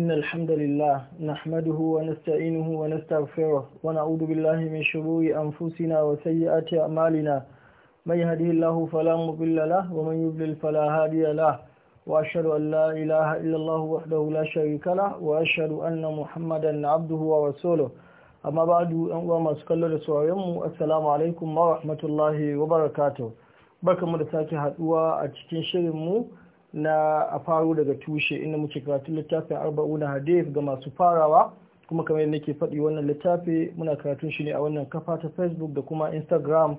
إن الحمد لله نحمده ونستعينه ونستغفره ونعوذ بالله من شرور أنفسنا وسيئات أعمالنا من يهده الله فلا مضل له ومن يضلل فلا هادي له وأشهد أن لا إله إلا الله وحده لا شريك له وأشهد أن محمدا عبده ورسوله أما بعد أنواع ما سكال السلام عليكم ورحمة الله وبركاته barkamu da sake haduwa a cikin shirinmu na a faru daga tushe inda muke karatun littafin arba'una hadith ga masu farawa kuma kamar yadda nake faɗi wannan littafi muna karatun shi ne a wannan kafa ta facebook da kuma instagram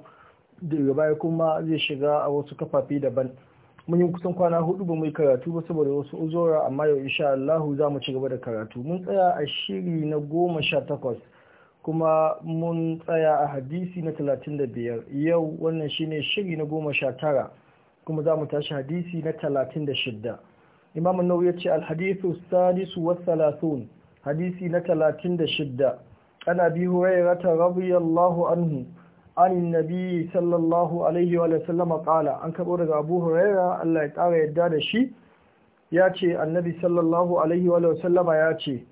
daga baya kuma zai shiga a wasu kafafi daban mun yi kusan kwana hudu ba mu yi karatu ba saboda wasu uzura amma yau insha Allah za mu ci gaba da karatu mun tsaya a shiri na goma sha takwas kuma mun tsaya a hadisi na talatin da biyar yau wannan shine shiri na goma sha tara kuma za mu tashi hadisi na talatin da shidda. an-nawawi ya ce al Salisu as-sadis wa hadisi na shidda. ana bi hurairata radiyallahu anhu anin nabi sallallahu alaihi wa sallama kala an karɓo daga abu huraira Allah ya ƙara yadda da shi ya ce annabi sallallahu alaihi wa sallama ya ce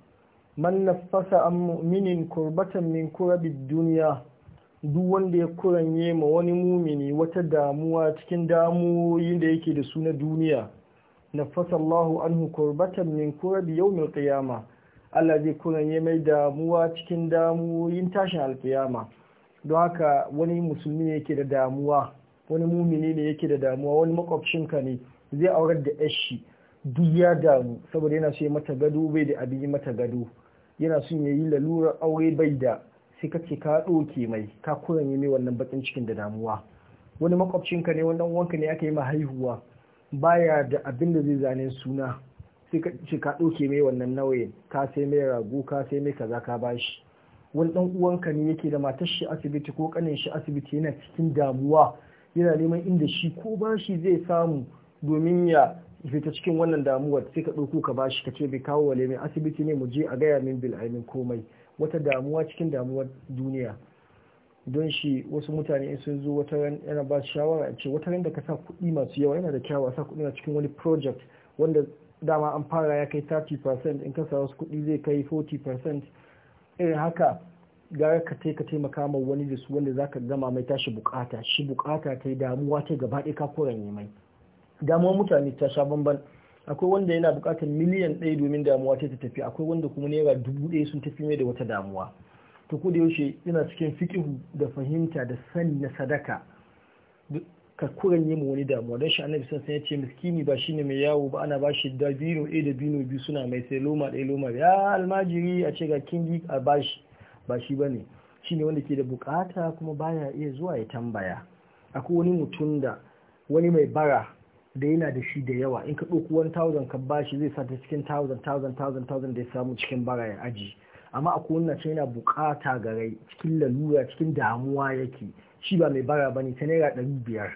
man nafasa an mu'minin kurbatan min kurabid duniya duk wanda ya kuranye ma wani mumini wata damuwa cikin damuwoyin da yake da su na duniya na fasallahu anhu kurbatan min yau mil kiyama Allah zai kuranye mai damuwa cikin damuwoyin tashin alkiyama don haka wani musulmi ne yake da damuwa wani mumini ne yake da damuwa wani makwabcinka ne zai aurar da yashi duk ya damu saboda yana so ya mata gado bai da abin yi mata gado yana son ya yi lalurar aure bai da sai ka ce ka ɗoke mai ka yi mai wannan bakin cikin da damuwa wani makwabcinka ne wannan wanka ne aka yi ma haihuwa baya da abin da zai zane suna sai ka ce ka ɗoke mai wannan nauyin ka sai mai rago ka sai mai kaza ka bashi wani ɗan uwanka ne yake da matar shi asibiti ko ƙanin shi asibiti yana cikin damuwa yana neman inda shi ko bashi zai samu domin ya fita cikin wannan damuwar sai ka ɗauko ka bashi ka ce bai kawo wale mai asibiti ne mu je a gaya min bil komai wata damuwa cikin damuwar duniya don shi wasu mutane in sun zo wata ran yana ba shawara a ce wata ran da ka sa kuɗi masu yawa yana da kyawa sa kuɗi na cikin wani project wanda dama an fara ya kai 30% in ka sa wasu kuɗi zai kai 40% irin haka gara ka ka taimaka ma wani da su wanda za ka gama mai tashi bukata shi bukata ta yi damuwa ta gaba ɗaya ka kuranye mai damuwar mutane ta sha bamban akwai wanda yana bukatar miliyan ɗaya domin damuwa ta ta tafi akwai wanda kuma naira dubu ɗaya sun tafi mai da wata damuwa to ko da yaushe yana cikin fiƙihu da fahimta da sani na sadaka ka kuran yi ma wani damuwa don shi annabi sun ya ce miskini ba shine mai yawo ba ana bashi da bino ɗaya da bino biyu suna mai sai loma ɗaya loma ya almajiri a ce ga kingi a bashi ba shi bane shine wanda ke da bukata kuma baya iya zuwa ya tambaya akwai wani mutum da wani mai bara da yana da shi da yawa in ka ɗauki 1000 ka shi zai sata cikin 1000 1000 1000 da ya samu cikin bara ya aji amma a kowanne ce yana bukata ga rai cikin lalura cikin damuwa yake shi ba mai bara ba ne ta naira ɗari biyar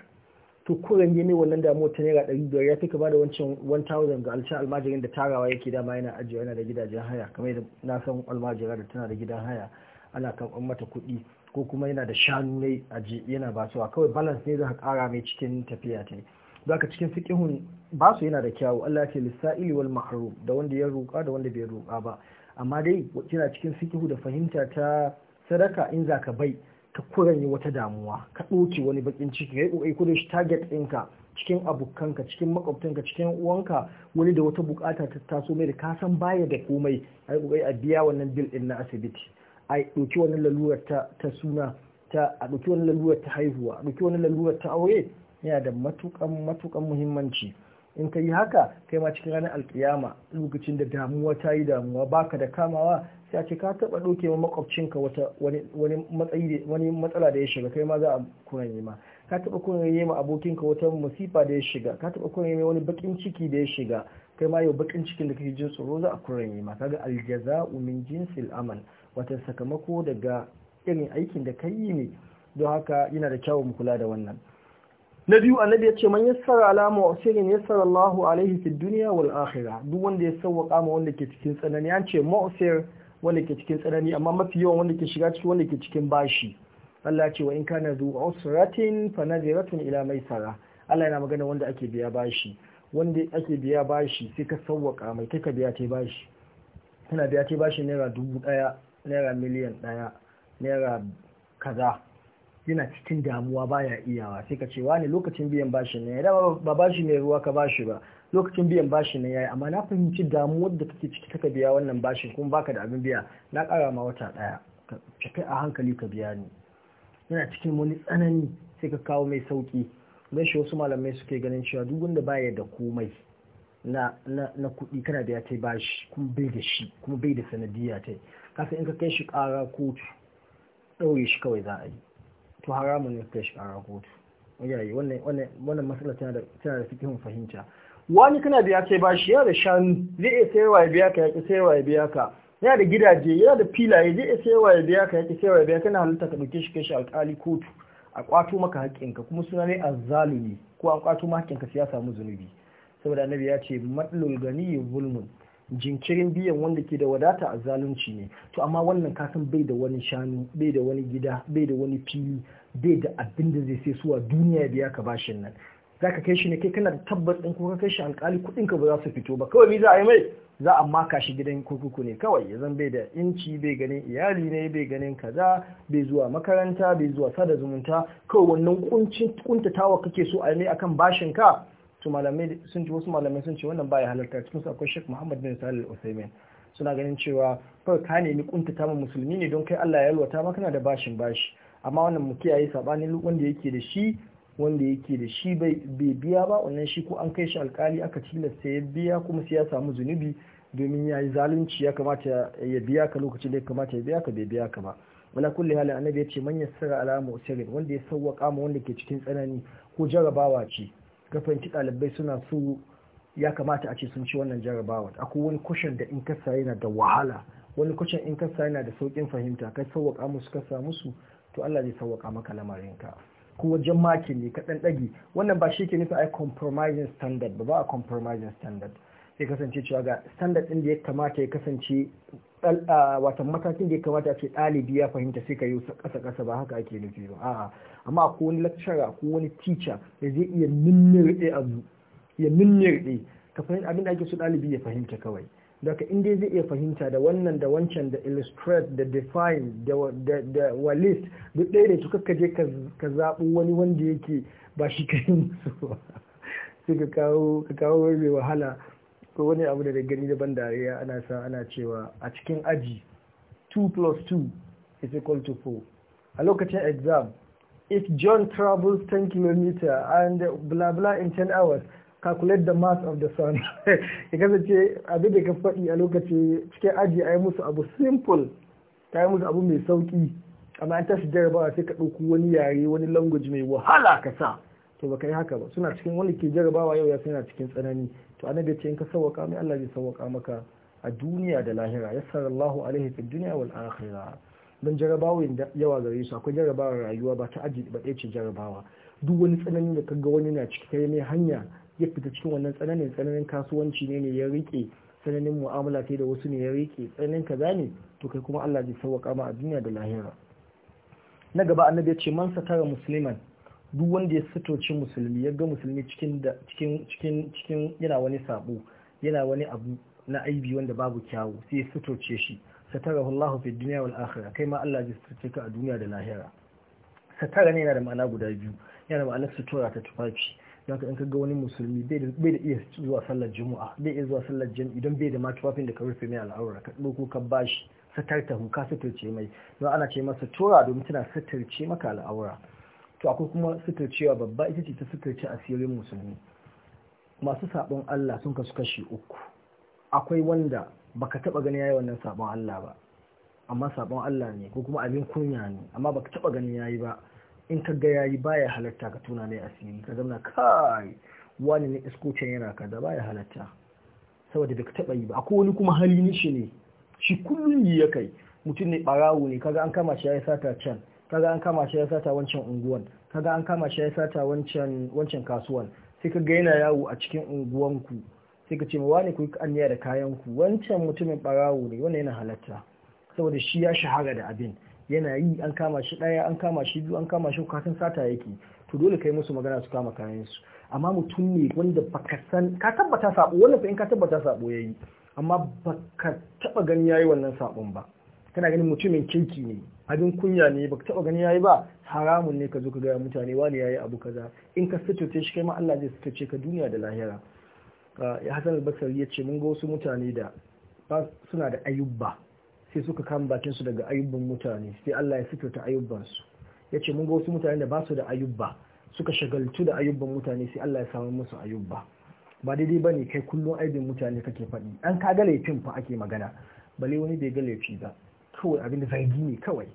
to kuren ne wannan damuwa ta naira ɗari biyar ya fi ka da wancan 1000 ga alcin almajirin da tarawa yake dama yana ajiyewa yana da gidajen haya kamar yadda na san almajira da tana da gidan haya ana karɓar mata kuɗi ko kuma yana da shanu ne yana basuwa kawai balance ne za ka ƙara mai cikin tafiya ta yi zaka cikin fiqhun ba su yana da kyawu Allah ce lisa'ili wal mahrum da wanda ya roƙa da wanda bai roƙa ba amma dai yana cikin fikihu da fahimta ta sadaka in zaka bai ka kuranye wata damuwa ka ɗauke wani bakin ciki kai kokari ko da shi target ɗinka cikin abokanka cikin makwabtanka cikin uwanka wani da wata bukata ta taso mai da ka san baya da komai a kokari a biya wannan bil din na asibiti a ɗauki wannan lalurar ta suna ta a ɗoki wannan lalurar ta haihuwa a ɗauki wannan lalurar ta aure yana da matukan matukan muhimmanci in ka yi haka kai ma cikin ranar alkiyama lokacin da damuwa ta yi damuwa baka da kamawa sai a ce ka taba doke ma makwabcinka wani matsala da ya shiga kai ma za a kunanye ma ka taba kunanye ma abokinka wata musifa da ya shiga ka taba kuranye wani bakin ciki da ya shiga kai ma yau bakin cikin da kake jin tsoro za a kunanye ma kaga aljaza'u min jinsil amal wata sakamako daga irin aikin da ka yi ne don haka yana da kyawun kula da wannan na biyu annabi ya ce man yassara ala mu'sirin yassara Allahu alaihi fid dunya wal akhirah duk wanda ya sauka ma wanda ke cikin tsanani an ce mu'sir wanda ke cikin tsanani amma mafi yawan wanda ke shiga cikin wanda ke cikin bashi Allah ya ce wa in kana zu usratin fa nadiratun ila maisara Allah yana magana wanda ake biya bashi wanda ake biya bashi sai ka sauka mai kai ka biya ta bashi kana biya ta bashi naira dubu daya naira miliyan daya naira kaza yana cikin damuwa baya iyawa sai ka ce wani lokacin biyan bashi ne ya ba bashi ne ruwa ka bashi ba lokacin biyan bashi ne yi amma na fahimci damuwar da kake ciki kaka biya wannan bashin kuma baka da abin biya na kara ma wata daya ka a hankali ka biya ni yana cikin wani tsanani sai ka kawo mai sauki don shi wasu malamai suke ganin cewa duk wanda baya da komai na na kuɗi kana biya ta bashi kuma bai da shi kuma bai da sanadiyya ta kasa in ka kai shi kara kotu ɗaure shi kawai za a yi to haramun ya kai shi a rahoto yayi wannan wannan matsala tana da tana da fahimta wani kana biya kai bashi ya da shanu zai iya sayarwa ya biya ka ya ki sayarwa ya biya ka ya da gidaje ya da filaye zai iya sayarwa ya biya ka ya ki sayarwa ya biya kana halitta ka dauke shi kai shi alƙali kotu a kwato maka haƙƙinka kuma suna ne azzalumi ko an kwato maka haƙƙinka sai ya samu zunubi saboda annabi ya ce matlul gani zulmun jinkirin biyan wanda ke da wadata a zalunci ne to amma wannan kasan bai da wani shanu bai da wani gida bai da wani fili bai da abin da zai sai suwa duniya biya ka bashin nan zaka kai shi ne kai kana da tabbas ɗin ko ka kai shi alƙali kuɗin ka ba za su fito ba kawai za a yi mai za a maka shi gidan kurkuku ne kawai ya zan bai da inci bai ganin iyali ne bai ganin kaza bai zuwa makaranta bai zuwa sada zumunta kawai wannan kuntatawa kake so a yi mai akan bashin ka to malamai sun ji wasu malamai sun ce wannan baya halarta cikin su akwai Sheikh Muhammad bin Salih al suna ganin cewa kawai ka nemi kuntata ma musulmi ne don kai Allah ya yalwata maka na da bashin bashi amma wannan mu kiyaye sabanin wanda yake da shi wanda yake da shi bai biya ba wannan shi ko an kai shi alkali aka tilasta ya biya kuma sai ya samu zunubi domin ya yi zalunci ya kamata ya biya ka lokacin da ya kamata ya biya ka bai biya ka ba wala kulli halin annabi ya ce man yassara ala mu'sirin wanda ya sauwaka ma wanda ke cikin tsanani ko jarabawa ce ka fahimci ɗalibai suna so ya kamata a ce sun ci wannan jarabawar akwai wani kushin da in kasa yana da wahala wani kushin in kasa yana da saukin fahimta kai sauwaka musu kasa musu to Allah zai sauwaka maka lamarin ka. ko wajen makin ne ka ɗan ɗage wannan ba shi ke nufi ai compromising standard ba ba a compromising standard ya kasance cewa ga standard ɗin da ya kamata ya kasance watan matakin da ya kamata ce ɗalibi ya fahimta sai ka yi ƙasa ƙasa ba haka ake nufi ba a'a amma akwai wani lecturer ko wani teacher da zai iya nimmirɗe abu ya nimmirɗe ka fahimta abin da ake so ɗalibi ya fahimta kawai daga inda zai iya fahimta da wannan da wancan da illustrate da define da walis duk ɗaya da su kakka je ka zaɓo wani wanda yake ba shi ka yi musu ba sai ka kawo mai wahala ko wani abu da gani da ban dariya ana sa ana cewa a cikin aji 2 plus 2 is equal to 4 a lokacin exam if John travels 10 km and blah blah in 10 hours calculate the mass of the sun ya kasance abin da ka faɗi a lokacin cikin aji a yi musu abu simple ta yi musu abu mai sauƙi amma an tashi jarabawa sai ka ɗauki wani yare wani language mai wahala ka sa to baka yi haka ba suna cikin wani ke jarabawa yau ya yana cikin tsanani to annabi ce in ka sauwaka mai Allah zai sauwaka maka a duniya da lahira yassarallahu alaihi fi dunya wal akhirah dan jarabawa yawa gare su akwai jarabawa rayuwa ba ta aji ba ce jarabawa duk wani tsananin da kaga wani na ciki kai mai hanya ya fita cikin wannan tsananin tsananin kasuwanci ne ne ya rike tsananin mu'amala sai da wasu ne ya rike tsananin kaza ne to kai kuma Allah zai sauwaka ma a duniya da lahira na gaba annabi ya ce man satara musliman duk wanda ya sitoci musulmi ya ga musulmi cikin yana wani sabo yana wani abu na aibi wanda babu kyawu sai ya sitoce shi satara Allah fi dunya wal akhirah kai ma Allah zai sitoce ka a duniya da lahira satara ne yana da ma'ana guda biyu yana da ma'anar ta tufafi don ka in ka ga wani musulmi bai da iya zuwa sallar juma'a bai iya zuwa sallar jami'a don bai da ma tufafin da ka rufe mai al'aura ka ɗauko ka bashi ta satar hu ka suturce mai don ana ce masa tura domin tana suturce maka al'aura to akwai kuma suturcewa babba ita ce ta suturce asirin musulmi masu sabon Allah sun kasu kashi uku akwai wanda baka taba ganin yayi wannan sabon Allah ba amma sabon Allah ne ko kuma abin kunya ne amma baka taba ganin yayi ba in ka ga yayi baya halatta ka tuna ne asiri ka zama kai wani ne iskocin yana da baya halatta saboda baka taba yi ba akwai wani kuma hali ne shi ne shi kullun yi ya kai mutum ne barawo ne kaga an kama shi yi sata can kaga an kama shi ya sata wancan unguwan kaga an kama shi ya sata wancan wancan kasuwan sai ka ga yana yawo a cikin unguwanku sai ka ce ma wani ku kanniya da kayan ku wancan mutumin barawo ne wannan yana halatta saboda shi ya shahara da abin yana yi an kama shi daya an kama shi biyu an kama shi kafin sata yake to dole kai musu magana su kama kayan su amma mutum ne wanda baka san ka tabbata sabo wannan fa in ka tabbata sabo yayi amma baka taba gani yayi wannan sabon ba kana ganin mutumin kirki ne abin kunya ne baka taba gani yayi ba haramun ne ka zo ka gaya mutane wani yi abu kaza in ka sitoce shi kai ma Allah zai sace ka duniya da lahira ya ah, hasan al-Basri ya ce mun ga wasu mutane da suna da ayyuba sai suka kama bakin su daga ayyuban mutane sai Allah ya ta ayyuban su yace mun ga wasu mutane da ba su da ayyuba suka shagaltu da ayyuban mutane sai Allah ya samu musu ayyuba ba daidai ba ne kai kullum aibin mutane kake faɗi an ka ga laifin fa ake magana bale wani bai ga laifi ba kawai abin da zargi ne kawai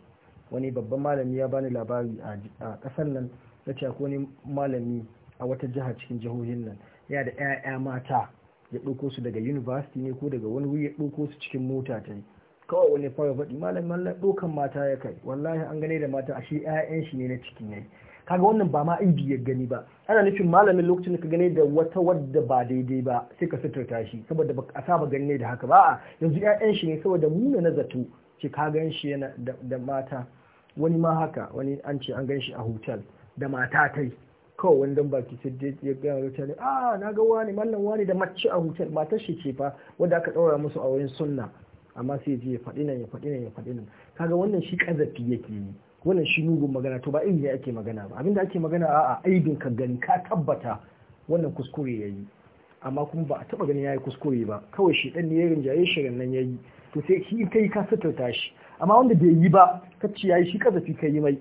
wani babban malami ya bani labari a kasar nan na ce wani malami a wata jiha cikin jihohin nan ya da 'ya'ya mata ya ɗauko su daga university ne ko daga wani wuri ya ɗauko su cikin mota ta kawai wani fara faɗi malam ɗaukan mata ya kai wallahi an gane da mata ashe 'ya'yan shi ne na cikin yayi kaga wannan ba ma aibi ya gani ba ana nufin malamin lokacin da ka gane da wata wadda ba daidai ba sai ka suturta shi saboda ba a saba gani da haka ba yanzu 'ya'yan shi ne saboda muna na zato ce ka gan shi yana da mata wani ma haka wani an ce an gan shi a hotel da mata ta yi kawai wani dan baki sai ya gan wata ne a ah, na ga wani mallan wani da mace a hotel matar shi ke fa wanda aka ɗaura musu a wurin sunna amma sai je ya faɗi nan ya faɗi nan ya faɗi nan kaga wannan shi kazafi yake yi wannan shi mugun magana to ba irin ne ake magana ba abinda ake magana a aibin ka gani ka tabbata wannan kuskure yayi amma kuma ba a taba ganin yayi kuskure ba kawai shi dan ne ya rinjaye shirin nan yayi to sai shi in kai ka suturta shi amma wanda bai yi ba kacci yayi shi kazafi kai mai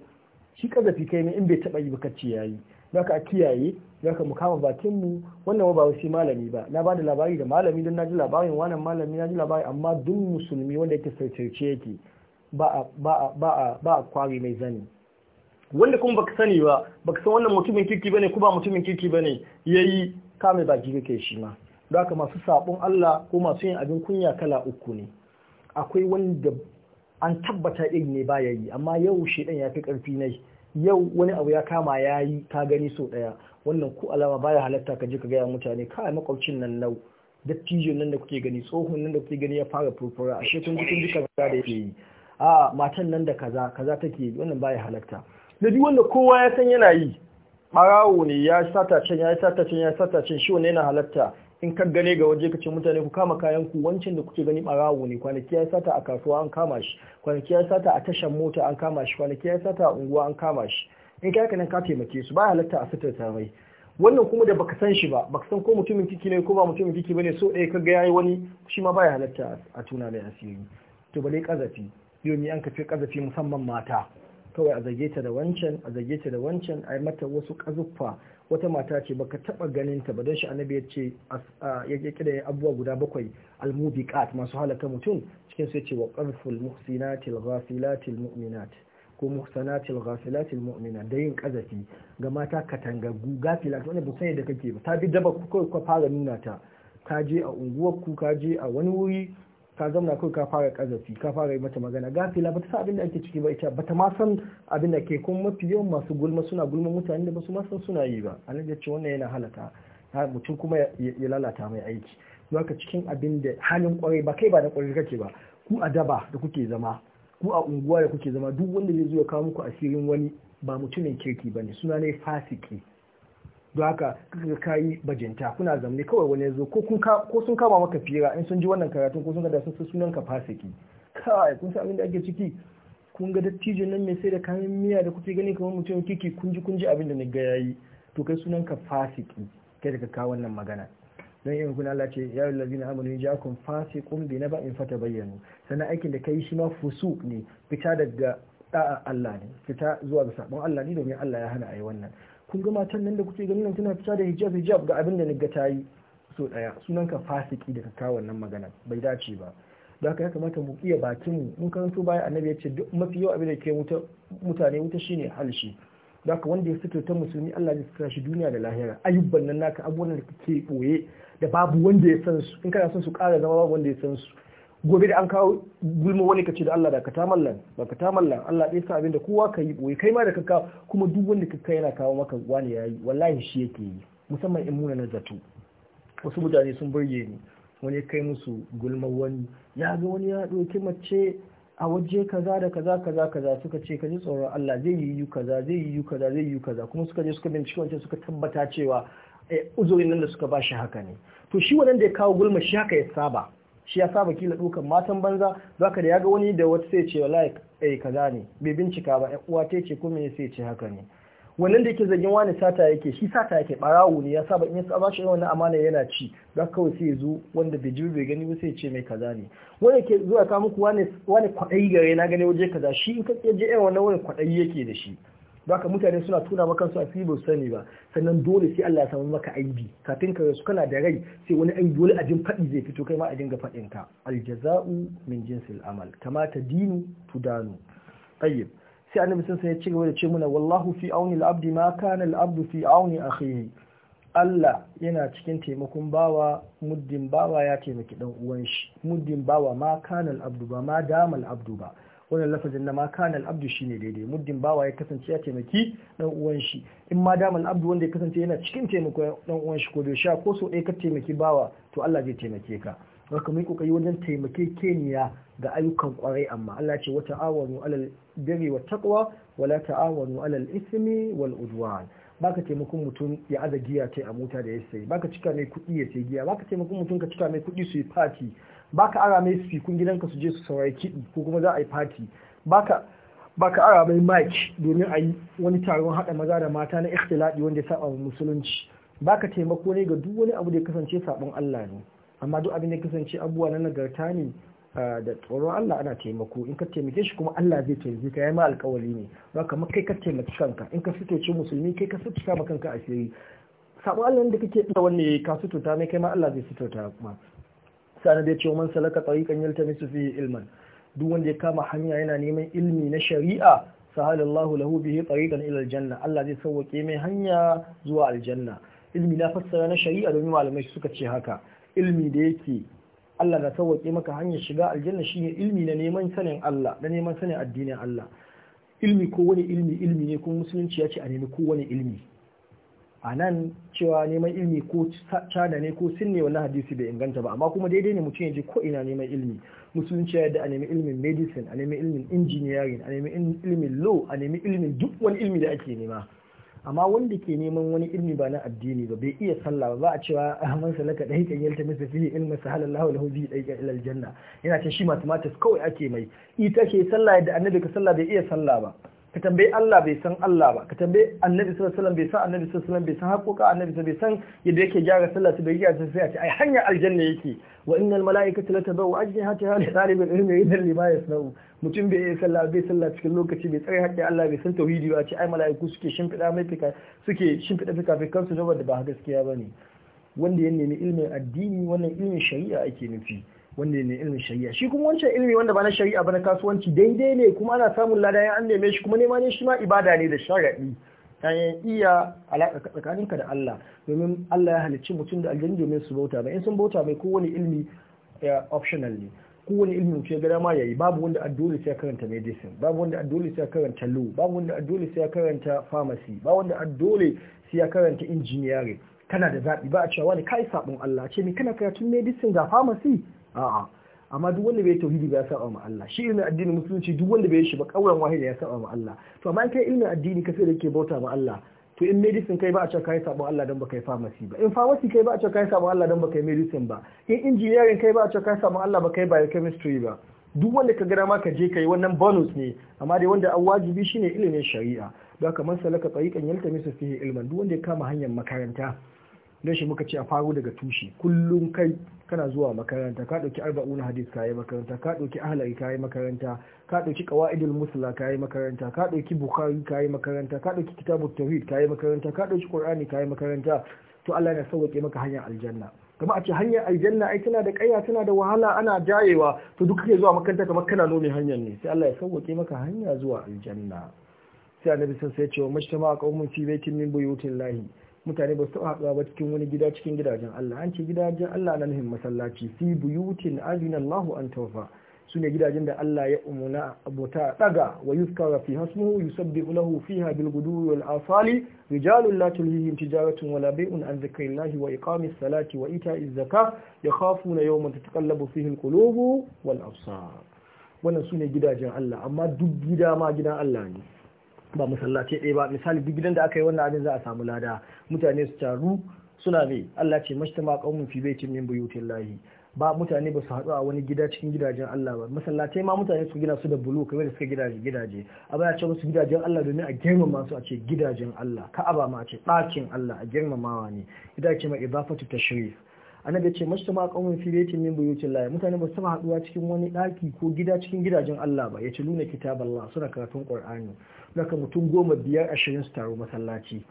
shi kazafi kai mai in bai taba yi ba kacci yayi don a kiyaye zaka mu kama bakin mu wannan ba wasi malami ba na bada labari da malami don naji labarin wannan malami naji labari amma duk musulmi wanda yake sautarce yake ba a ba ba ba kwari mai zani wanda kuma baka sani ba baka san wannan mutumin kirki bane ko ba mutumin kirki bane yayi mai baki kake shi ma don haka masu sabon Allah ko masu yin abin kunya kala uku ne akwai wanda an tabbata iri ne baya yi amma yau shedan ya fi karfi na yau wani abu ya kama ya yi ka gani so daya wannan ku alama baya halatta ka je ka gaya mutane Ka makwabcin nan nau dattijon nan da kuke gani tsohon nan da kuke gani ya fara furfura ashe kun ji kun ji kaza da yake yi a matan nan da kaza kaza take wannan baya halatta da duk wanda kowa ya san yana yi barawo ne ya sata can ya sata can ya sata can shi wannan yana halatta in ka gane ga waje ka ce mutane ku kama kayan ku wancan da kuke gani barawo ne kwanaki ya sata a kasuwa an kama shi kwanaki ya sata a tashan mota an kama shi kwanaki ya sata a unguwa an kama shi in ka nan ka taimake su ba halatta a fitar tarai. wannan kuma da baka san shi ba baka san ko mutumin kiki ne ko ba mutumin kiki bane so ɗaya kaga yayi wani shi ma baya halatta a tuna mai asiri to bale kazafi yomi an kafe kazafi musamman mata kawai a zage ta da wancan a zage ta da wancan a yi mata wasu kazuffa wata mata ce baka taba ganin ta ba don shi annabi ya ce ya kira abubuwa guda bakwai almubiqat masu halaka mutum cikin su ce wa qanful muhsinatil ghafilatil mu'minat ko muhsanatil ghafilatil mu'minat da yin kazafi ga mata katangagu gafilat wanda ba sai da kake ba ta bi daba ko ka fara nuna ta ka je a unguwarku ku ka je a wani wuri ka zauna kawai ka fara kazafi ka fara yi mata magana gafila ta san abin da ake ciki ba ita ta ma san abin da ke kuma mafi yawan masu gulma suna gulma mutane da basu ma san suna yi ba a ya ce wannan yana halata mutum kuma ya lalata mai aiki ka cikin abin da halin kwarai ba kai ba da kwarai kake ba ku a daba da kuke zama ku a unguwa da kuke zama duk wanda zai zo ya kawo muku asirin wani ba mutumin kirki ba ne suna ne fasiki don haka kaga kayi bajinta kuna zamne kawai wani yazo ko ko sun kama maka fira in sun ji wannan karatun ko sun ga da sun sunan ka fasiki kai kun san abin da ake ciki kun ga dattijo nan mai sai da kayan miya da kuke gani kamar mutum kiki kun ji kun ji abin da na ga yayi to kai sunan ka fasiki kai daga ka wannan magana don yin kuna Allah ce ya yi lalzina amanu, ya kun fasi kumbi na ba'in fata bayyano sannan aikin da ka yi shi ma fusu ne fita daga da'a Allah ne fita zuwa ga sabon Allah ne domin Allah ya hana a yi wannan kun ga matan nan da kuke ganin tana fita da hijab hijab ga abin da ta yi so daya sunan ka fasiki da ka wannan magana bai dace ba da haka ya kamata mu iya bakin mu mun karanto baya annabi ya ce duk mafi yawa abin da ke mutane wuta shine halshi da haka wanda ya sutura ta musulmi Allah ya saka shi duniya da lahira ayyuban nan naka abubuwan da kake boye da babu wanda ya san su in kana son su kara zama babu wanda ya san su gobe da an kawo gulma wani kace da Allah da ka ta mallan ba ka ta mallan Allah dai sa abinda kowa ka yi boye kai ma da ka kawo kuma duk wanda ka kai yana kawo maka wani yayi wallahi shi yake yi musamman in muna na zato wasu mutane sun burge ni wani kai musu gulma wani ya ga wani ya ɗauki mace a waje kaza da kaza kaza kaza suka ce ka ji tsoron Allah zai yi yu kaza zai yi yu kaza zai yi yu kaza kuma suka je suka binciki wancan suka tabbata cewa eh, uzurin nan da suka ba shi haka ne to shi wannan da ya kawo gulma shi haka ya saba shi ya saba kila dukan matan banza za zaka da ya ga wani da wata sai ce eh, kaza ne bai bincika ba uwa ta ce kuma ya sai ce haka ne wannan da yake zagin wani sata yake shi sata yake barawo ne ya saba in ya saba shi wannan amana yana ci za kawai sai zo wanda bai ji bai gani ba sai ce mai kaza ne wani ke zuwa ka muku wani kwaɗayi gare na gani waje kaza shi in ka je wannan wani kwaɗayi yake da shi baka mutane suna tuna maka su asiri ba su sani ba sannan dole sai Allah ya samu maka aibi kafin ka rasu kana da rai sai wani aibi wani ajin faɗi zai fito kai ma a dinga faɗin ka aljaza'u min jinsil amal kamata ta dinu tudanu tayyib sai annabi sun sai ya ci gaba da ce muna wallahu fi auni al-abdi ma kana al-abdu fi auni akhihi Allah yana cikin taimakon bawa muddin bawa ya taimaki dan uwan shi muddin bawa ma kana al-abdu ba ma dama abdu ba wannan lafazin na ma kana al'abdu ne daidai muddin bawa ya kasance ya taimaki dan uwan shi in ma dama al'abdu wanda ya kasance yana cikin taimakon ɗan uwan shi ko da sha ko so ɗaya ka taimaki bawa to Allah zai taimake ka haka ka yi kokari wajen taimake keniya ga ayyukan kwarai amma Allah ce wata awanu alal birri wa taqwa wala ta'awanu alal ismi wal udwan baka taimakon mutum ya aza giya ta a mota da ya sayi baka cika mai kuɗi ya sayi giya baka taimakon mutum ka cika mai kuɗi su yi fati baka ara mai spikun gidanka su je su saurari kiɗi ko kuma za a yi fati baka ka ara mai mic domin a yi wani taron haɗa maza da mata na ikhtiladi wanda ya saba musulunci baka taimako ne ga duk wani abu da ya kasance sabon Allah ne amma duk abin da ya kasance abubuwa na nagarta ne ah, da tsoron Allah ana taimako in ka taimake shi kuma Allah zai taimake ka yayi ma alƙawari ne ba kamar kai ka taimaki kanka in ka fitoci musulmi kai ka fitoci ma kanka asiri sabon Allah da kake da wanne ka fitota mai kai ma Allah zai fitota ma sa'an da ya ce man salaka tariqan yaltamisu fi ilman duk wanda ya kama hanya yana neman ilmi na shari'a sahalallahu lahu bihi tariqan ila aljanna Allah zai sauke mai hanya zuwa aljanna ilmi na fassara na shari'a domin malamai suka ce haka ilmi da yake Allah na sauke maka hanyar shiga aljanna shine ilmi na neman sanin Allah na neman sanin addinin Allah ilmi ko wani ilmi ilmi ne kuma musulunci ya ce a nemi ko wani ilmi a nan cewa neman ilmi ko cada ne ko sin ne wannan hadisi bai inganta ba amma kuma daidai ne mutum ya je ko ina neman ilimi musulunci yadda a nemi ilimin medicine a nemi ilmin engineering a nemi ilmin law a nemi ilimin duk wani ilmi da ake nema amma wanda ke neman wani ilmi ba na addini ba bai iya sallah ba Ba a cewa man salaka dai kan yalta masa fi ilmi sahalallahu lahu bi dai ila aljanna yana ce shi mathematics kawai ake mai ita ke sallah yadda annabi ka sallah bai iya sallah ba ka tambayi Allah bai san Allah ba ka tambayi annabi sallallahu alaihi wasallam bai san annabi sallallahu alaihi wasallam bai san haƙoƙa annabi bai san yadda yake gyara sallah bai gyara sai a ce ai hanya aljanna yake wa innal malaikata la tabawu ajnihataha li talibil ilmi idan lima yasnau mutum bai yi sallah bai sallah cikin lokaci bai tsare haƙƙin Allah bai san tauhidi ba ce ai mala'iku suke shimfida mai fika suke shimfida fika fika kansu da ba gaskiya bane wanda ya nemi ilmin addini wannan ilmin shari'a ake nufi wanda ne ilmin shari'a shi kuma wancan ilmi wanda ba na shari'a ba na kasuwanci daidai ne kuma ana samun lada ya an neme shi kuma nema ne shi ma ibada ne da Ta kayan iya alaƙa tsakaninka da Allah domin Allah ya halicci mutum da aljanni domin su bauta ba in sun bauta mai kowane ilmi optional ne kowane ilmin ya gada ma yayi babu wanda a dole sai karanta medicine babu wanda a dole sai karanta law babu wanda a dole sai karanta pharmacy babu wanda a dole sai karanta engineering kana da zaɓi ba a cewa wani kai sabon Allah ce ni kana karatun medicine ga pharmacy a'a amma duk wanda bai tauhidi ba ya saba ma Allah shi ilmin addinin musulunci duk wanda bai shi ba kauran wahida ya saba ma Allah to amma in kai ilmin addini ka sai da ke bauta ma Allah to in medicine kai ba a ce kai sabon Allah dan baka yi pharmacy ba in pharmacy kai ba a ce kai sabon Allah dan baka yi medicine ba in engineering kai ba a ce kai sabon Allah baka yi biochemistry ba duk wanda ka gada ma ka je kai wannan bonus ne amma dai wanda an wajibi shine ilimin shari'a da kamar man salaka tariqan yaltamisu fihi ilman duk wanda ya kama hanyar makaranta don shi muka ce a faru daga tushe kullum kai kana zuwa makaranta ka ɗauki arba'un hadis ka yi makaranta ka ɗauki ahlari ka yi makaranta ka ɗauki qawaidul musla ka yi makaranta ka ɗauki bukhari ka yi makaranta ka ɗauki kitabut tauhid ka yi makaranta ka ɗauki qur'ani ka yi makaranta to Allah na sauke maka hanyar aljanna kamar a ce hanyar aljanna ai tana da ƙaya tana da wahala ana jayewa to duk kake zuwa makaranta kamar kana nome hanyar ne sai Allah ya sauke maka hanya zuwa aljanna sai annabi sai ya ce wa mujtama'a qaumun fi baitin min buyutillahi mutane ba su taɓa haɗuwa ba cikin wani gida cikin gidajen Allah an ce gidajen Allah na nuhin masallaci fi buyutin azina Allahu an tawfa su ne gidajen da Allah ya umuna abota ɗaga. wa yuzkara fi hasmuhu yusabbihu lahu fiha bil guduwi wal asali rijalun la tulhihim tijaratun wala bai'un an zikrillahi wa iqamis salati wa ita'iz na yakhafuna yawman tataqallabu fihi al qulubu wal absar wannan su ne gidajen Allah amma duk gida ma gidan Allah ne ba masallaci ɗaya ba misali duk gidan da aka yi wannan abin za a samu lada mutane su taru suna mai Allah ce mashtama ƙaunin fi baitin min lahi." ba mutane ba su haɗu a wani gida cikin gidajen Allah ba masallatai ma mutane su gina su da bulu kamar da suka gidaje gidaje a baya ce wasu gidajen Allah domin a girmama su a ce gidajen Allah ka'aba ma a ce ɗakin Allah a girmamawa ne gida ce ma idafatu tashrif ana da ce mashtama qaumun fi baitin min buyutillah mutane ba su ma haduwa cikin wani daki ko gida cikin gidajen Allah ba yace luna Allah suna karatun Qur'ani daga mutum goma biyar ashirin su taro masallaci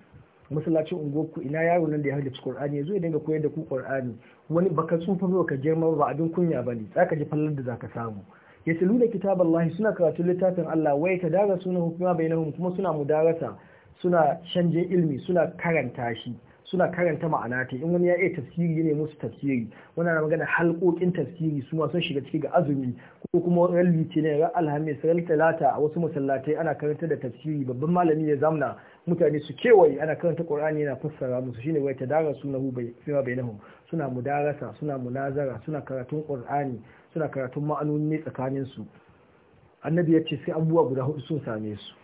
masallacin unguwarku ina yaro nan da ya halitta Qur'ani yazo ya dinga koyar da ku Qur'ani wani baka tsufa ba ka girma ba abin kunya bane zaka ji fallar da zaka samu luna kitabar Allah suna karatun littafin Allah wai ta daga suna hukuma bainahum kuma suna mudarasa suna canje ilmi suna karanta shi suna karanta ma'ana ta in wani ya iya tafsiri ne musu tafsiri wani na magana halƙoƙin tafsiri su ma sun shiga ciki ga azumi ko kuma ran litinin ran alhamis ran talata a wasu masallatai ana karanta da tafsiri babban malami ya zamna mutane su kewaye ana karanta qur'ani yana fassara musu shine wai ta dara tadarasu nahu bai fiwa Suna suna mudarasa suna munazara suna karatun qur'ani suna karatun ma'anoni tsakanin su annabi ya ce sai abubuwa guda hudu sun same su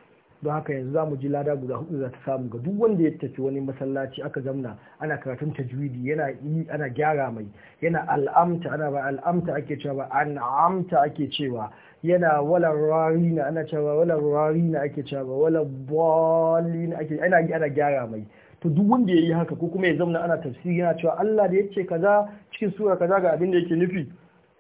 don haka yanzu za mu ji lada guda hudu za ta samu ga duk wanda ya tafi wani masallaci aka zamna ana karatun tajwidi yana yi ana gyara mai yana al'amta ana ba al'amta ake cewa ba an'amta ake cewa yana wala rarina ana cewa wala rarina ake cewa ba wala na ake ana ana gyara mai to duk wanda ya yi haka ko kuma ya zamna ana tafsiri yana cewa Allah da ya ce kaza cikin sura kaza ga abin da yake nufi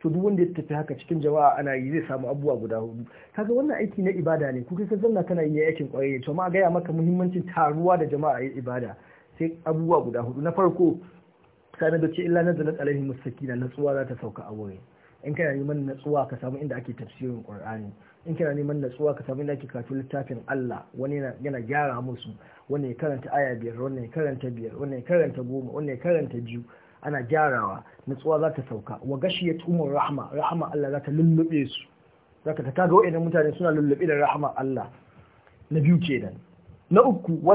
to duk wanda ya tafi haka cikin jama'a ana yi zai samu abubuwa guda hudu kaga wannan aiki na ibada ne kuka ka zanna kana yin aikin kwaye to ma gaya maka muhimmancin taruwa da jama'a yin ibada sai abubuwa guda hudu na farko sanar da ce illa nazalat alaihi na natsuwa za ta sauka a wurin in kana neman natsuwa ka samu inda ake tafsirin qur'ani in kana neman natsuwa ka samu inda ake karatu littafin Allah wani yana gyara musu wani ya karanta aya biyar wani ya karanta biyar wani ya karanta goma wani ya karanta biyu ana gyarawa nutsuwa za ta sauka wa gashi ya umur rahma rahma Allah za ta lullube su ka ta ga wayannan mutane suna lullube da rahma Allah na biyu nan. na uku wa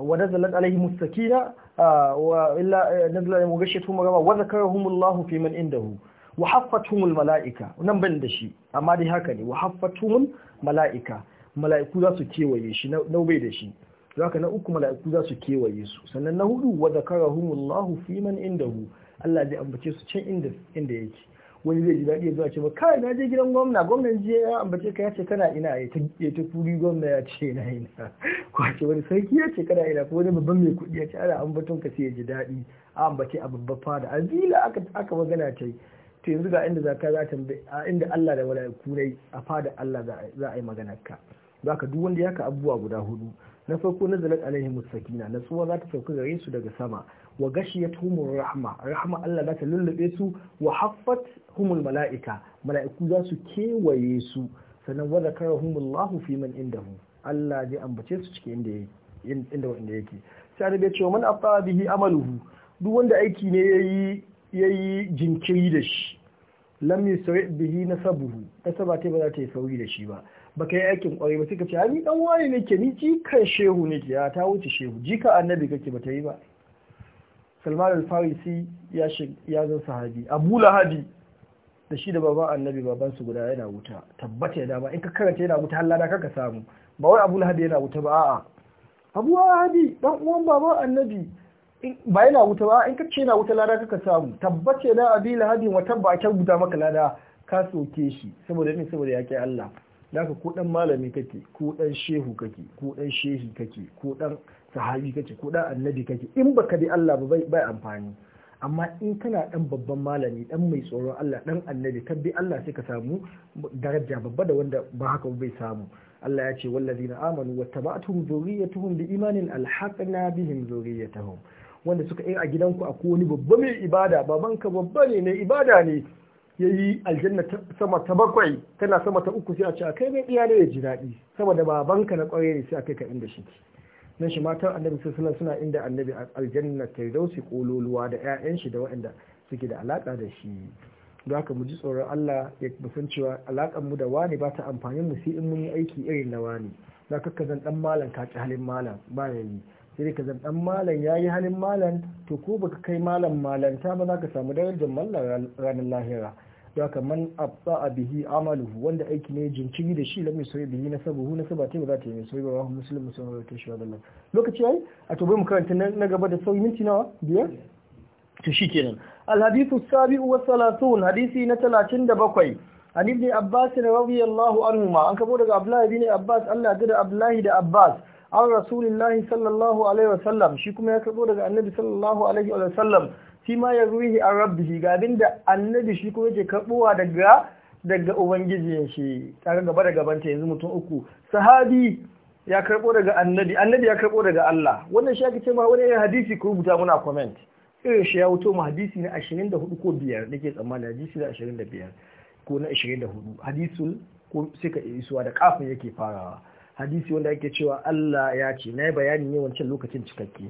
wa nazalat alaihim sakina wa gashi eh, nazala alaihim gashiyat umur rahma wa zakarahumullahu fi man indahu wa haffatumul mala'ika nan ban da shi amma dai haka ne wa haffatumul mala'ika mala'iku za su kewaye shi na bai da shi zaka na uku mala'iku za su kewaye su sannan na hudu wa zakarahumullahu fi man indahu Allah zai ambace su can inda inda yake wani zai ji daɗi zuwa ce ba kai na je gidan gwamna gwamnan je ya ambace ka yace ce kana ina ya ta furi gwamna ya ce na ina ko ce wani sarki ya ce kana ina ko wani babban mai kuɗi ya ce ana ambaton ka sai ya ji dadi a ambace a babban fada a zila aka aka magana ta yi to yanzu ga inda zaka za ta a inda Allah da mala'iku ne a fada Allah za a yi magana ka zaka duk wanda ya ka abubuwa guda hudu na farko na alaihi musakina sakina natsuwa za ta sauka gare su daga sama wa gashiyat humur rahma rahma Allah za ta lullube su wa haffat humul mala'ika mala'iku za su kewaye su sannan wa humullahu fi man indahu Allah zai ambace su cikin inda yake inda wanda yake sai annabi ya ce man fara bihi amaluhu duk wanda aiki ne yayi yayi jinkiri da shi lam yusawi bihi nasabuhu nasaba ta ba za ta yi sauri da shi ba baka yi aikin kwarai ba suka ce ce ni dan wani ke ni jikan shehu ne ya ta wuce shehu jika annabi kake ba ta yi ba Salman al-Farisi ya ya zo sahabi Abu Lahabi da shi da baban annabi baban su guda yana wuta tabbata ya dama in ka karanta yana wuta hallada kaka samu ba wai Abu Lahabi yana wuta ba a'a Abu Lahabi dan uwan baban annabi ba yana wuta ba in ka ce yana wuta lada kaka samu tabbata da Abi Lahabi wa tabba ka guda maka lada ka soke shi saboda ne saboda yake Allah naka ko dan malami kake ko dan shehu kake ko dan shehi kake ko dan sahabi kake ko dan annabi kake in baka bi Allah ba bai amfani amma in kana dan babban malami dan mai tsoron Allah dan annabi ka bi Allah sai ka samu daraja babba da wanda ba haka bai samu Allah ya ce wallazina amanu wattaba'tuhum dhurriyyatuhum biimanin alhaqna bihim dhurriyyatuhum wanda suka yi a gidanku a wani babba mai ibada babanka babba ne mai ibada ne ya yi aljanna sama ta bakwai tana sama ta uku sai a ce a kai mai iya ne ya ji daɗi saboda babanka na ƙwarai ne sai a kai ka inda shi nan shi matan annabi sallallahu suna inda annabi aljanna ta dausi kololuwa da ƴaƴan shi da waɗanda suke da alaka da shi don haka mu ji tsoron Allah ya san cewa alakan mu da wani ba ta amfani mu sai in mun yi aiki irin na wani za ka zan dan malam ka halin malam ba yayi sai ka zan dan malam yi halin malam to ko baka kai malam malanta ba za ka samu darajar mallar ranar lahira da ka man a bihi amalu wanda aiki ne jinkiri da shi lam sauri bihi na saba ta ba za ta yi yusri ba wa musulun musulun wa shi wannan lokaci yayi a tobe mu karanta na gaba da sauyi minti nawa biyar to shi kenan. alhadisu sabi'u wa salatun hadisi na talatin da bakwai. an ibn abbas radiyallahu anhu ma an kabo daga abdullahi bin abbas Allah ya gada abdullahi da abbas an rasulillahi sallallahu alaihi wa sallam shi kuma ya karbo daga annabi sallallahu alaihi wa sallam shi ma ya ruhi an rabbihi ga abinda annabi shi kuma yake karbowa daga daga ubangijin shi tare gaba da gabanta yanzu mutum uku sahabi ya karbo daga annabi annabi ya karbo daga Allah wannan shi ake ce ma wani hadisi ko rubuta muna comment irin shi ya wuto mu hadisi na 24 ko 5 nake tsammani hadisi na 25 ko na 24 hadisul ko suka isuwa da kafin yake farawa hadisi wanda ake cewa Allah ya ce na yi bayani ne wancan lokacin cikakke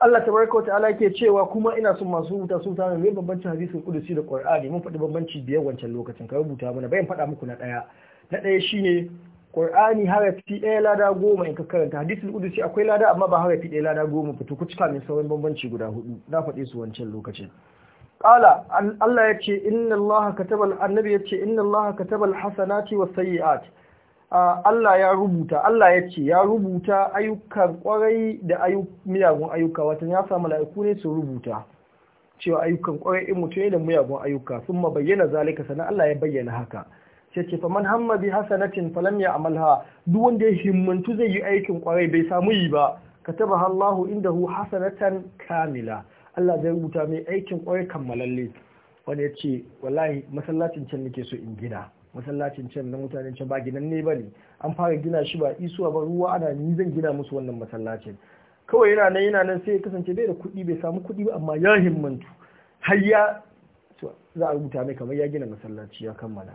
Allah ta wata ala yake cewa kuma ina son masu rubuta sun samu mai bambancin hadisin kudusi da qur'ani mun faɗi bambanci biyar wancan lokacin ka rubuta mana bayan faɗa muku na ɗaya na ɗaya shine qur'ani harafi ɗaya lada goma in ka karanta hadisin kudusi akwai lada amma ba harafi ɗaya lada goma fito ku cika min sauran bambanci guda hudu na faɗi su wancan lokacin قال Allah yace inna الله katabal annabi yace inna الله كتب الحسنات والسيئات Allah ya rubuta Allah ya ce ya rubuta ayyukan kwarai da miyagun ayyuka watan ya sa mala'iku ne su rubuta cewa ayyukan kwarai in mutum da miyagun ayyuka sun ma bayyana zalika sannan Allah ya bayyana haka sai ce fa man hamma bi hasanatin falam ya amalha duk wanda ya himmantu zai yi aikin kwarai bai samu yi ba katabaha Allahu indahu hasanatan kamila Allah zai rubuta mai aikin kwarai kammalalle wani ya ce wallahi masallacin can nake so in gina masallacin can na mutane can ba gidan ne bane an fara gina shi ba isuwa ba ruwa ana ni zan gina musu wannan masallacin kawai yana nan yana nan sai ya kasance bai da kuɗi bai samu kuɗi ba amma ya himmantu har ya za a rubuta mai kamar ya gina masallaci ya kammala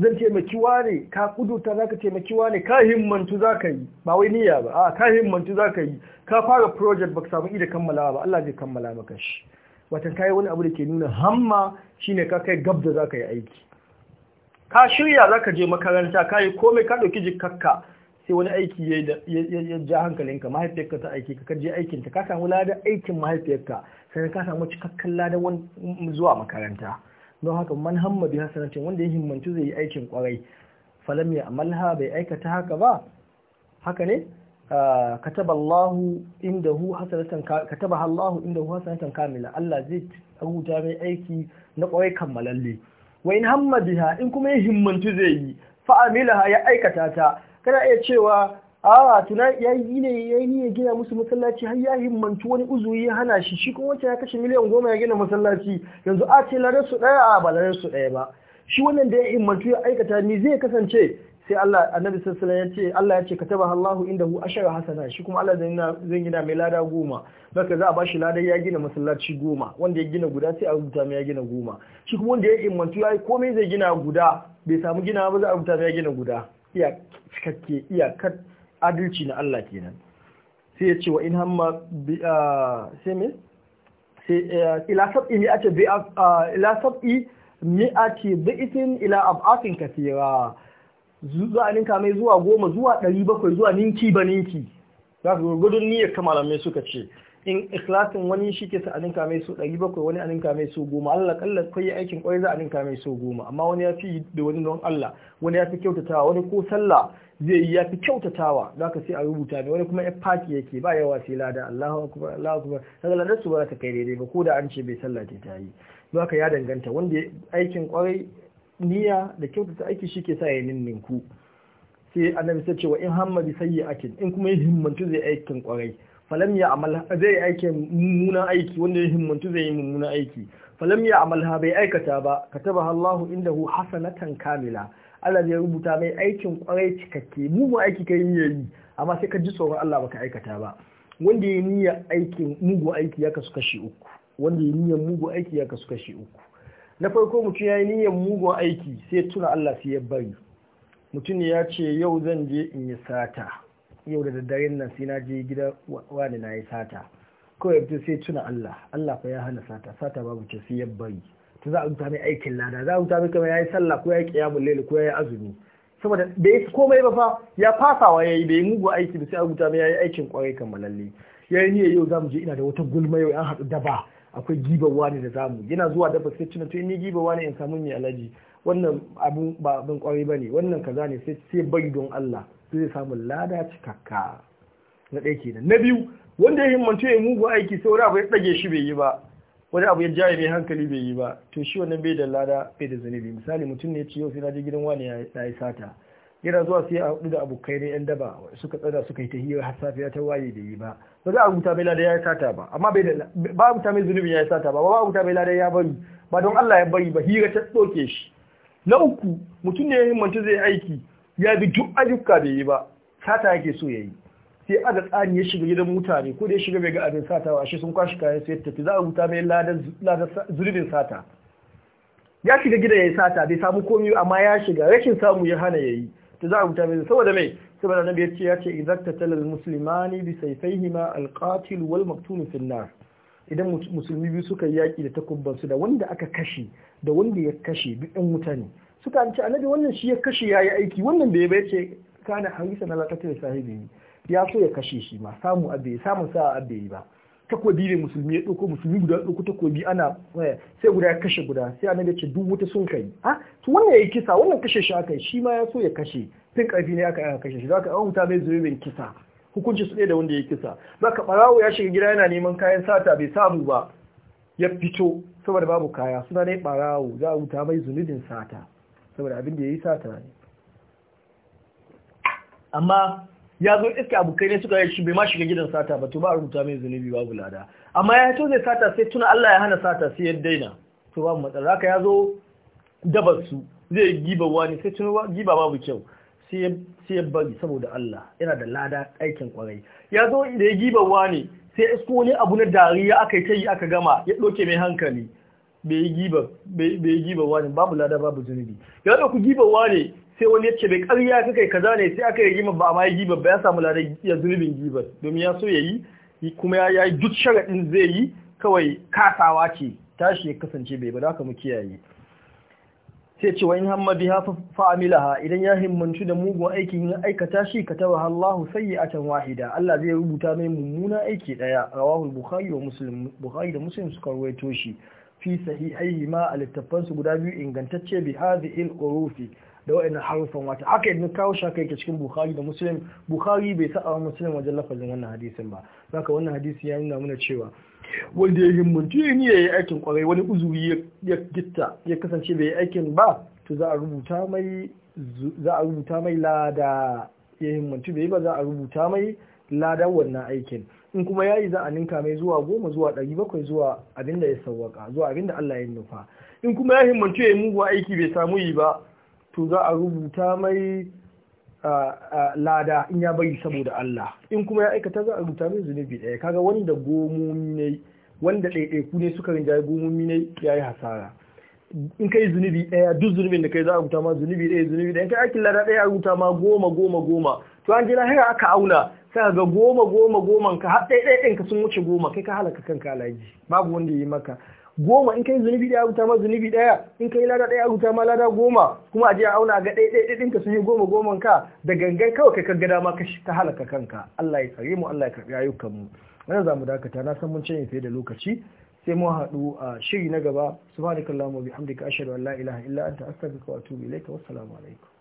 zan taimaki wane ka kuduta zaka taimaki wane ka himmantu za ka yi ba wai niyya ba a ka himmantu za ka yi ka fara project ka samu ida kammalawa ba Allah zai kammala maka shi watan kai wani abu da ke nuna hamma shine ka kai gab da ka yi aiki ka shirya za ka je makaranta ka yi komai ka ɗauki jikakka sai wani aiki ya ja hankalinka mahaifiyarka ta aiki ka je aikinta ka samu ladan aikin mahaifiyarka sai ka samu cikakken ladan zuwa makaranta don haka man hamma ya sanace wanda ya himmantu zai yi aikin kwarai falam ya amalha bai aikata haka ba haka ne ah, kataba Allahu indahu hasanatan kataba Allahu indahu hasanatan kamila Allah zai rubuta mai aiki na kwarai kammalalle wa in hamma biha in kuma ya himmantu zai yi fa amilaha ya aikata ta kana iya cewa a'a tuna ya yi ne ya yi ya gina musu masallaci har ya himmantu wani uzuri ya hana shi shi kuma wancan ya kashe miliyan goma ya gina masallaci yanzu a ce larar ɗaya a ba larar ɗaya ba shi wannan da ya himmantu ya aikata ni zai kasance sai Allah annabi sallallahu alaihi ya ce Allah ya ce kataba Allahu indahu ashara hasana shi kuma Allah zai gina mai lada goma baka za a bashi lada ya gina masallaci goma wanda ya gina guda sai a rubuta mai ya gina goma shi kuma wanda ya imantu yayi komai zai gina guda bai samu gina ba za a rubuta mai ya gina guda iya cikakke iya adalci na Allah kenan sai ya ce wa in hamma bi ah, sai me sai eh, ila sab'i mi'ati bi ah, ila sab'i mi'ati bi'tin ila ab'atin kathira zuwa ninka mai zuwa goma zuwa ɗari bakwai zuwa ninki ba ninki za ka gudun niyyar ka malamai suka ce in ikilasin wani shi ke sa a ninka mai so ɗari bakwai wani a ninka mai so goma allah kallar kai aikin kwai za a ninka mai so goma amma wani ya fi da wani don allah wani ya fi kyautatawa wani ko sallah zai yi ya fi kyautatawa za ka sai a rubuta ne wani kuma ya faki yake ba yawa sai lada allahu akbar allahu akbar daga ladar su ba za ta kai daidai ba ko da an ce bai sallah ta yi za ka ya danganta wanda aikin kwarai niyya da kyautata aiki shi ke sa ya ku sai annabi sai cewa in sai ya sayyi'atin in kuma ya himmantu zai aikin kwarai falam ya amal zai aikin mummunan aiki wanda ya himmantu zai yi mummunan aiki falam ya amal ha, bai aikata ba kataba Allahu indahu hasanatan kamila Allah zai rubuta mai aikin kwarai cikakke mugun aiki kai niyyar yi amma sai ka ji tsoron Allah baka aikata ba wanda ya niyyar aikin mugun aiki ya kasu kashi uku wanda ya niyya mugu aiki ya kasu kashi uku na farko mutum ya yi niyyar mugun aiki sai tuna Allah sai ya bari mutum ya ce yau zan je in yi sata yau da daddare nan sai na je gida wani na yi sata kawai mutum sai tuna Allah Allah fa ya hana sata sata babu ce sai ya bari ta za a rubuta mai aikin lada za a rubuta mai kamar ya yi sallah ko ya yi kiyamu lele ko ya yi azumi saboda ya komai ba fa ya wa ya yi da ya mugu aiki ba sai a rubuta mai ya yi aikin kwarai kamar lalle ya yi niyyar yau za mu je ina da wata gulma yau an haɗu daba akwai gibawa ne da zamu yana zuwa dafa sai cina to ni gibawa ne in samu mai alaji wannan abun ba abin kwarai bane wannan kaza ne sai sai bai don Allah zai samu lada cikakka na ɗaya kenan na biyu wanda ya himmatu ya mugu aiki sai wani abu ya tsage shi bai yi ba wani abu ya jaye mai hankali bai yi ba to shi wannan bai da lada bai da zunubi misali mutum ne ya ce yau sai na je gidan wani ya yi sata yana zuwa sai a hudu da abokai na yan daba suka tsada suka yi ta hira har safiya ta waye da yi ba ba za a rubuta mai ladan ya yi sata ba amma bai da ba rubuta mai zunubin ya yi sata ba ba rubuta mai ladan ya bari ba don Allah ya bari ba hira ta tsoke shi na uku mutum ne ya himmanci zai aiki ya bi duk bai yi ba sata yake so ya yi sai aga tsari ya shiga gidan mutane ko da ya shiga bai ga abin sata ba shi sun kwashi kayan sai tafi za a rubuta mai ladan zunubin sata ya shiga gida ya yi sata bai samu komi amma ya shiga rashin samu ya hana ya yi ta za a rubuta mai saboda mai saboda na ya ce ya ce izakta talal muslimani bi sayfayhima alqatil wal maktum sinna idan musulmi biyu suka yi yaƙi da takubban su da wanda aka kashe da wanda ya kashe duk ɗan wuta ne suka ce annabi wannan shi ya kashe yayi aiki wannan bai bai ce kana hangisa na laqatil sahibi ya so ya kashe shi ma samu abe samu sa'a abe ba takobi ne musulmi ya ɗauko musulmi guda ɗauko takobi ana eh, sai guda ya kashe guda sai ana ya ce duk wata sun kai a to wannan yayi kisa wannan kashe shi aka yi shi ma ya so ya kashe fin karfi ne aka yi kashe shi zaka an huta mai yin kisa hukunci su ɗaya da wanda ya kisa zaka barawo ya shiga gida yana neman kayan sata bai samu ba ya fito saboda babu kaya suna ne barawo za a huta mai zunubin sata saboda abin da ya yi sata ne amma ya zo iska abokai ne suka shi bai ma shiga gidan sata ba to ba rubuta mai zunubi babu lada amma ya to zai sata sai tuna Allah ya hana sata sai ya daina to babu matsala haka ya zo dabar su zai giba wani sai tuna giba babu kyau sai ya bari saboda Allah yana da lada aikin kwarai ya zo da ya giba wani sai isko wani abu na dariya aka yi ta yi aka gama ya ɗauke mai hankali bai giba wani babu lada babu zunubi ya ɗauku giba wani sai wani ya ce bai karya ka kai kaza ne sai aka yi gima ba ma yi giba ba ya samu ladan ya zunubin gibar domin ya so ya yi kuma ya yi duk sharaɗin zai yi kawai kasawa ce tashi ya kasance bai ba da ka mu kiyaye sai ce wa in hamma biha fa'amilaha idan ya himmantu da mugun aikin ya aikata shi tawa Allahu sayyi'atan wahida Allah zai rubuta mai mummuna aiki daya rawahu bukhari wa muslim bukhari da muslim suka rawaito shi fi sahihaihi ma al guda biyu ingantacce bi hadhihi al-urufi da wa'annan harufan wata haka idan kawo shaka yake cikin bukhari da muslim bukhari bai wa muslim wajen lafazin wannan hadisin ba ka wannan hadisi ya nuna mana cewa wanda ya mutu ya yi yi aikin kwarai wani uzuri ya gitta ya kasance bai yi aikin ba to za a rubuta mai za a rubuta mai lada ya mutu bai ba za a rubuta mai lada wannan aikin in kuma ya yi za a ninka mai zuwa goma zuwa ɗari bakwai zuwa abinda ya sawwaka zuwa abinda Allah ya nufa in kuma ya mutu ya yi mugu aiki bai samu yi ba to za a rubuta mai lada in ya bari saboda Allah in kuma ya aikata za a rubuta mai zunubi ɗaya kaga wanda gomomi ne wanda ɗaiɗaiku ne suka rinjaye gomomi ne ya yi hasara in kai zunubi ɗaya duk zunubin da kai za a rubuta ma zunubi ɗaya zunubi ɗaya in kai aikin lada ɗaya a rubuta ma goma goma goma to an je lahira aka auna sai ga goma goma goman ka har ɗaya ka sun wuce goma kai ka halaka kanka alaji babu wanda ya yi maka goma in kai zunubi daya rubuta ma zunubi daya in kai lada daya rubuta ma lada goma kuma a je a auna ga ɗaya ɗaya ɗinka sun yi goma goman ka da gangan kawai kai ka ga dama ka halaka kanka Allah ya tsare mu Allah ya karɓi ayyukan mu wannan zamu dakata na san mun cinye fiye da lokaci sai mun haɗu a shiri na gaba subhanakallahumma wa bihamdika ashhadu an la ilaha illa anta astaghfiruka wa atubu ilayka wassalamu alaikum